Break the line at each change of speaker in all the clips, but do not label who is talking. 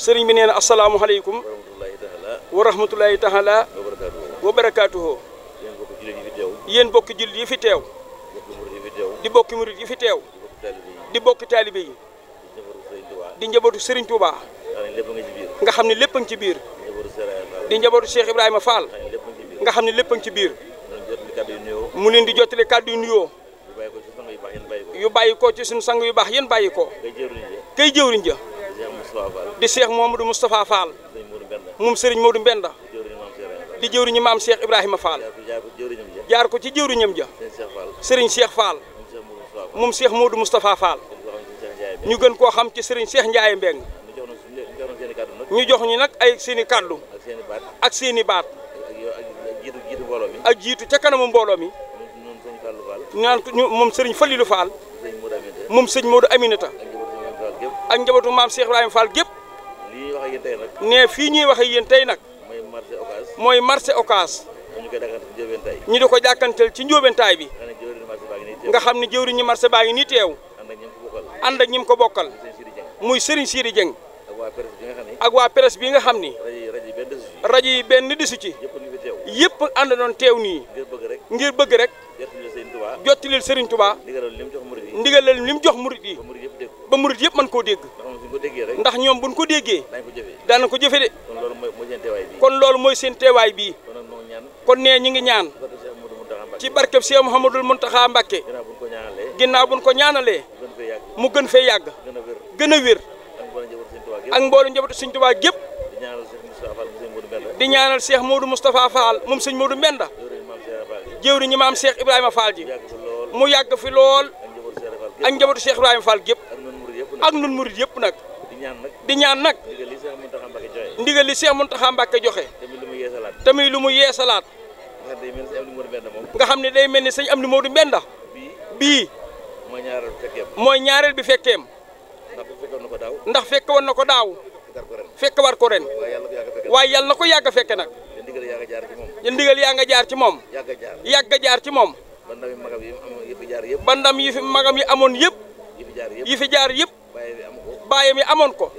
sëriñ bi nee na asalaamualeykum wa rahmatulahi taala wa barakaatuhu yéen bokki jullit yi fi teew di bokki murit yi fi teew di bokki taalibe yi di njabootu sëriñ Touba nga xam ne lépp a ngi ci biir di njabootu Cheikh Ibrahima Fall nga xam ne lépp a ngi ci biir mu leen di jottali kàddu yu nuyoo yu bàyyi ko ci suñu sang yu baax yéen bàyyi ko kay jëwriñ ja di Cheikh Mouhamadou Moustapha Fall moom seriñ Modou Mbenda di jëwriñu maam Cheikh Ibrahima Fall jaar ko ci jëwriñam ja Serigne Cheikh Fall moom seex Modou Moustapha Fall ñu gën koo xam ci Serigne Cheikh Ndiaye Mbeng ñu jox ñu nag ay seeni kàddu ak seeni baat ak jiitu ca kanam mbooloo mi ñaan ko moom Serigne Falilou Fall sëñ Modou Aminata ak njabootu maam Cheikh Ibrahima Fall gépp lii wax ak tey nag. ne fii ñuy wax ak yéen tey nag.
mooy marché Ocass.
mooy marché Ocass. ñu di ko jàkkanteel ci njóobentaay bi. nga xam ne jëwriñu marché baa ngi nii teew. ànd ak ñi mu ko bokkal. muy Serigne Siri Dieng. ak waa presse bi nga xam ni.
rajo yi benn disu ci.
yëpp ànd doon teew nii. ngir bëgg rek. jottilil Serigne Touba. ndigalal lim jox murid yi. ba murit yëpp man koo dégg ndax ñoom buñ ko déggee danañ ko jëfe de kon lool mooy seen teewaay bii kon nee ñi ngi ñaan ci barkeb Cheikh Mouhamadoul Mountakha Mbacké ginnaaw buñ ko ñaanalee mu gën fee yàgg gën a wér
ak mboolu njabootu Sëñ Tuubaa gépp di
ñaanal Cheikh Modou Moustapha Fall moom Sëñ Modou Mbenda jëwri ñi maam Cheikh Ibrahima Fall ji mu yàgg fi lool ak njabootu Cheikh Ibrahima Fall gépp ak nun murit yëpp nag. di ñaan nag di ñaan nag. ndigal li Cheikh Mountakha Mbacké joxe.
ndigal li Cheikh Mountakha Mbacké joxe. tamit lu mu yeesalaat.
tamit lu mu yeesalaat. nga xam ne day mel ni sëñ Amdi Moodu Mbenda. bii
mooy ñaareel bi
mooy ñaareel bi fekkeem. ndax fekk woon na ko daaw. ndax fekk woon na ko daaw. fekk war ko ren. waaye yàlla na ko yàgg a fekke nag.
ndigal yaa nga jaar ci moom.
ndigal nga jaar ci moom. yàgg a jaar jaar ci moom.
ba ndam yi magam yi amoon yëpp jaar yëpp. ba
magam yi amoon yëpp. yi fi jaar yëpp. bàyyam yi amoon ko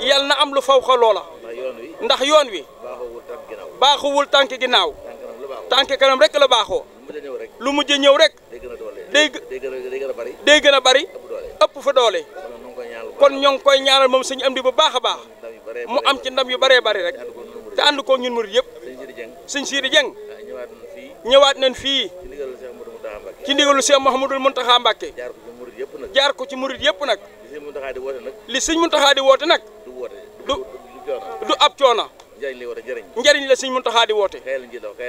yal na am lu fawxa loola ndax yoon wi baaxuwul tànk ginnaaw tànk kanam rek la baaxoo lu mujj ñëw rek day day gën a bari ëpp fa doole kon ñoo ngi koy ñaanal moom suñu am di bu baax a baax mu am ci ndam yu bëree bëri rek te ànd ko ñun murid yëpp suñ Siidi Jeng ñëwaat nañ fii
ci ndigalu Cheikh Mouhamadul Mountakha
Mbacké jaar ko ci murid yëpp nag.
li sëñ Muntaxa di woote nag.
li sëñ Muntaxa di woote nag. du ab coono.
njëriñ la war a jëriñ.
njëriñ di woote.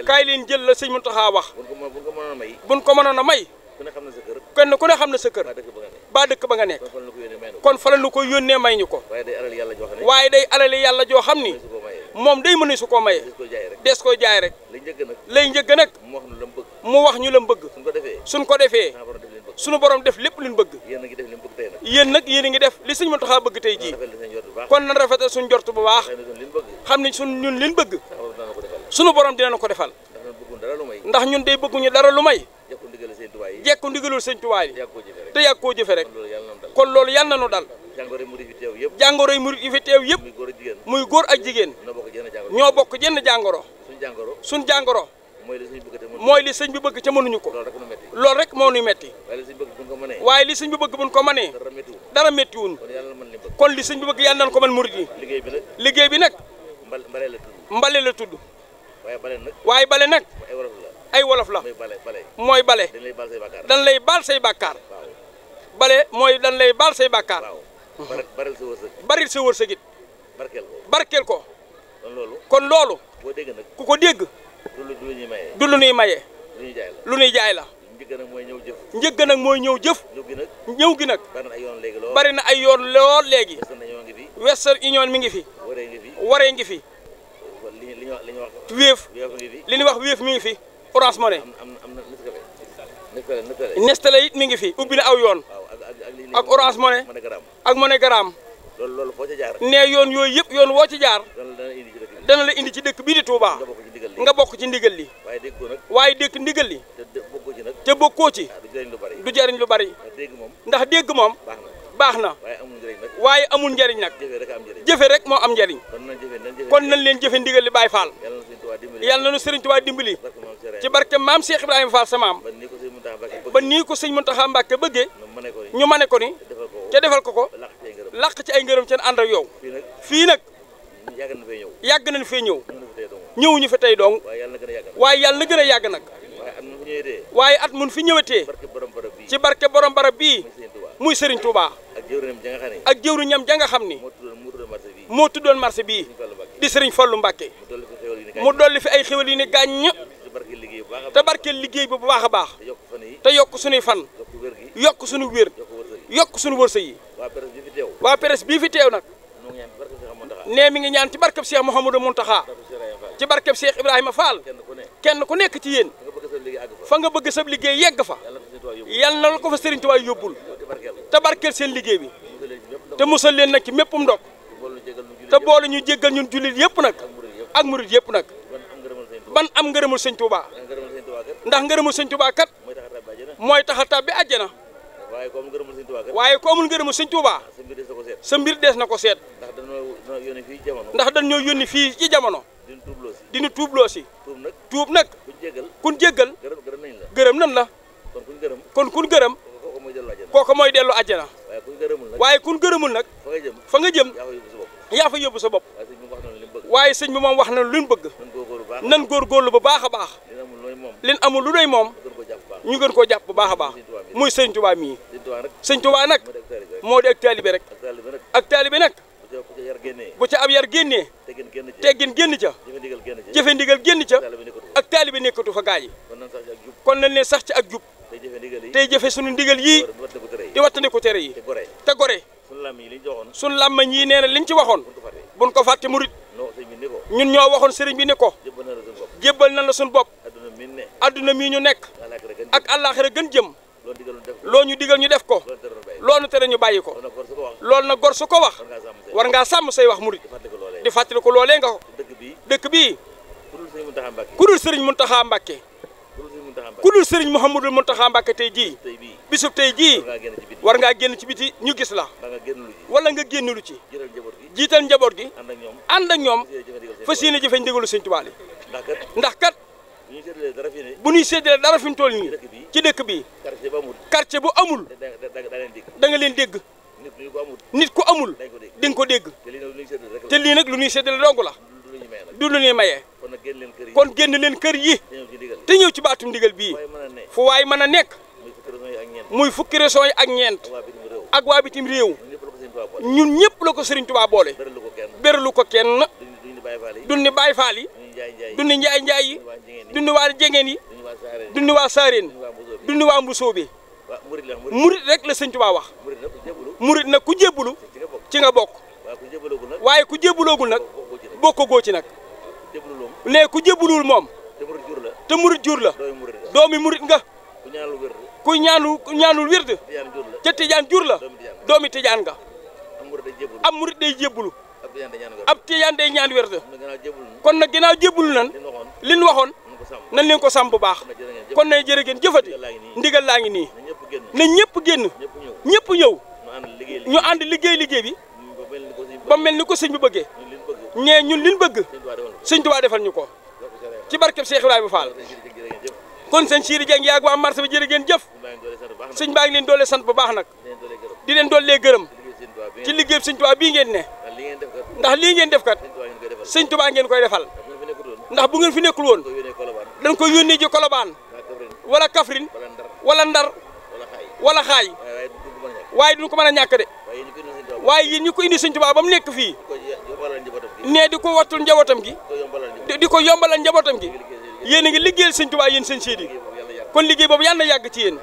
kaay leen jël la kaay leen jël wax. buñ ko mënoon a may. buñ ko mënoon a may. kenn xam na sa kër. kenn ku ne xam na sa kër. ba dëkk ba nga nekk. kon fa la ñu ko yónnee may ñu ko.
waaye day alal yàlla joo xam ne.
waaye day alal yàlla joo xam ni. moom day mën su ko maye. des ko jaay rek. lay njëgg nag. mu wax ñu la mu bëgg. ko defee. suñu borom def lépp luñ bëgg. yéen nag yéen a ngi def li sëñ Mountakha bëgg tey jii kon nan rafetal suñ jort bu baax xam ne suñ ñun liñ bëgg suñu borom dinañ ko defal ndax ñun day bëgguñu dara lu may jekku ndigalul sëñ Tuubaa yi te yàgg koo jëfe rek kon loolu yal na nu dal jàngoro yi murit yi fi teew yëpp muy góor a jigéen ñoo bokk jenn jàngoro suñ jàngoro
mooy
li sëñ bi bëgg ca mënuñu ko loolu rek moo nuy metti waaye li sëñ bi bëgg buñ ko mënee dara méttiwuñ kon li sëñ bi bëgg yàlla nañ ko mën murid yi liggéey bi nag mbale la tudd waaye bale nag ay wolof la mooy bale dañ lay baal say bàkkaar bale mooy dañ lay baal say bàkkaar baril sa wërsëg it barkeel ko kon loolu ku ko dégg du lu du lu ñuy maye. du lu ñuy maye. lu ñuy jaay la lu
ñuy jaay mooy ñëw jëf.
njëgg mooy ñëw jëf. gi nag ñëw gi nag. bari na ay yoon léegi lool bari na ay yoon lool léegi. Western Union mi ngi fi. waree ngi fi waree ngi fi.
li li ñu wax. wéef li
ñu wax wéef mi ngi fi Orange Money. Nestlé it mi ngi fi ubbi na aw yoon.
ak Orange Money
ak MoneyGram.
loolu loolu foo ca jaar. ne
yoon yooyu yëpp yoon woo ci jaar. dana la indi ci dëkk bii di Touba nga bokk ci ndigal li waaye dégg ndigal li te bokkoo ci du jariñ lu bari ndax dégg moom baax na waaye amul njariñ nag jëfe rek moo am njariñ kon nañ leen jëfe ndigal li Baay Faal
yàlla na nu Sëriñ
Tuubaa dimbali ci barke maam Cheikh Ibrahima Fall sa maam ba nii ko sëñ Muntaxa Mbàkke bëggee ñu mane ko ni ca defal ko ko làq ci ay ngërëm seen ànd ak yow fii nag yàgg nañ fee ñëw yàgg nañ fee ñëw ñëwuñu fi tey dong waaye yàlla na gën a yàgg nag waaye at mun fi ñëwetee ci barke borom barab bii muy Serigne Touba ak jëwriñam ja nga xam ni moo tuddoon marché bi di Serigne Fallou Mbacké mu dolli fi ay xéwal yu ne gàññ te barkeel liggéey bi bu baax a baax
te yokk suñuy fan
yokk suñu wér yokk suñu wërsëg yi waa presse bii fi teew nag nee mi ngi ñaan ci barkeb Cheikh Mouhamadou Mountakha ci barkeb Cheikh Ibrahima Fall kenn ku nekk ci yéen fa nga bëgg sab liggéey yegg fa yal na la ko fa Serigne Touba yóbbul te barkeel seen liggéey bi te musal leen na ci méppum ndog te boole ñu jéggal ñun jullit yëpp nag ak murit yëpp nag ban am ngërëmul Sëñ Touba ndax ngërëmul Sëñ Touba kat mooy tax a tàbbi àjjana
waaye ko amul ngërëmul Sëñ Touba sa mbir dees na ko seet ndax dan ñoo yónni
fii ci jamono di ñu tuubloo si tuub nag kun jéggal gërëm nan la kon kun gërëm kooku mooy dellu àjjana waaye kun gërëmul nag fa nga jëm yaa fa yóbbu sa bopp waaye sëñ bi moom wax na lu ñu bëgg nan góorgóorlu bu baax a baax lin amul lu doy moom ñu gën koo jàpp bu baax a baax muy sëñ Tuubaa mii sëñ Tuubaa nag moo de ak taalibe rek ak taalibe nag bu ca ab yar génnee teggin génn ca jëfe ndigal génn ca ak taalibe nekkatu fa gaa yi kon nañ ne sax ci ak jub tey jëfe sunu ndigal yii di wattandiku tere yi te gore sunu làmmañ yi nee na liñ ci waxoon buñ ko fàtte murit
ñun ñoo waxoon sëriñ bi na
la sunu bopp adduna mii ñu nekk ak àllaaxira gën jëm loo ñu digal ñu def ko loolu tere ñu bàyyi ko loolu na gor ko wax war ngaa sàmm say wax murid di fàttali ko loolee nga ko dëkk bii ku dul sëriñ Muntaxa Mbàkke ku dul sëriñ Mouhamadul Muntaxa Mbàkke tey jii bisub tey jii war ngaa génn ci biti ñu gis la wala nga génn lu ci jiital njaboot gi ànd ak ñoom fas yéene jëfe ndigalu Sëriñ Tuubaa
ndax kat bu ñuy
séddalee dara fi ñu toll nii ci dëkk bi quartier bu amul da nga leen dégg nit ku amul di ko dégg te lii lu ñuy séddale dong la du lu ñuy maye kon génn leen kër yi te ñëw ci baatum ndigal bii fu waay mën a nekk muy fukki régions ak ñeent ak waa bitim réew ñun ñëpp la ko Serigne Touba boole beralu ko kenn duñ ni Baye Fall yi duñ ni Njaay Njaay yi duñ ni waa Jengeen yi ni waa Saareen duñ ni waa Mbusoobe murit rek la Serigne Touba murit nag ku jébbalu ci nga bokk waaye ku jébbaloogul nag bokk góo ci nag ne ku jébbalul moom te murit jur la doomi murit nga ku ñaanu ñaanul wird ca tijaan jur la doomi tijaan nga am murit day jébbalu ab tijaan day ñaan wird kon nag ginnaaw jébbalu nan li ñu waxoon nan leen ko sàmm bu baax kon na jërë ngeen jëfati ndigal laa ngi nii na ñëpp génn ñëpp ñëw ñu ànd liggéey liggéey bi ba mel ni ko sëñ bi bëggee ñee ñun liñ bëgg sëñ Tuubaa defal ñu ko ci barkeb Cheikh Ibrahima Fall kon sëñ Siiri Jeng yaag waa marché bi jërë ngeen jëf sëñ baa ngi leen doole sant bu baax nag di leen doolee gërëm
ci liggéey sëñ Tuubaa bii ngeen ne
ndax lii ngeen def kat sëñ Tuubaa ngeen koy defal ndax bu ngeen fi nekkul woon dañ koy yónnee ji Kolobaan wala Kaffrine wala Ndar wala xaay waaye duñ ko mën a ñàkk de waaye yéen ñi ko indi Sëñ Tuubaa ba mu nekk fii nee di ko wattul njabootam gi di ko yombalal njabootam gi yéen a ngi liggéeyal Sëñ Tuubaa yéen seen séedi kon liggéey boobu yàlla na yàgg ci yen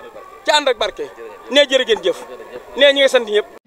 ci ànd ak barke nee jërë ngeen jëf nee ñi nga sant ñëpp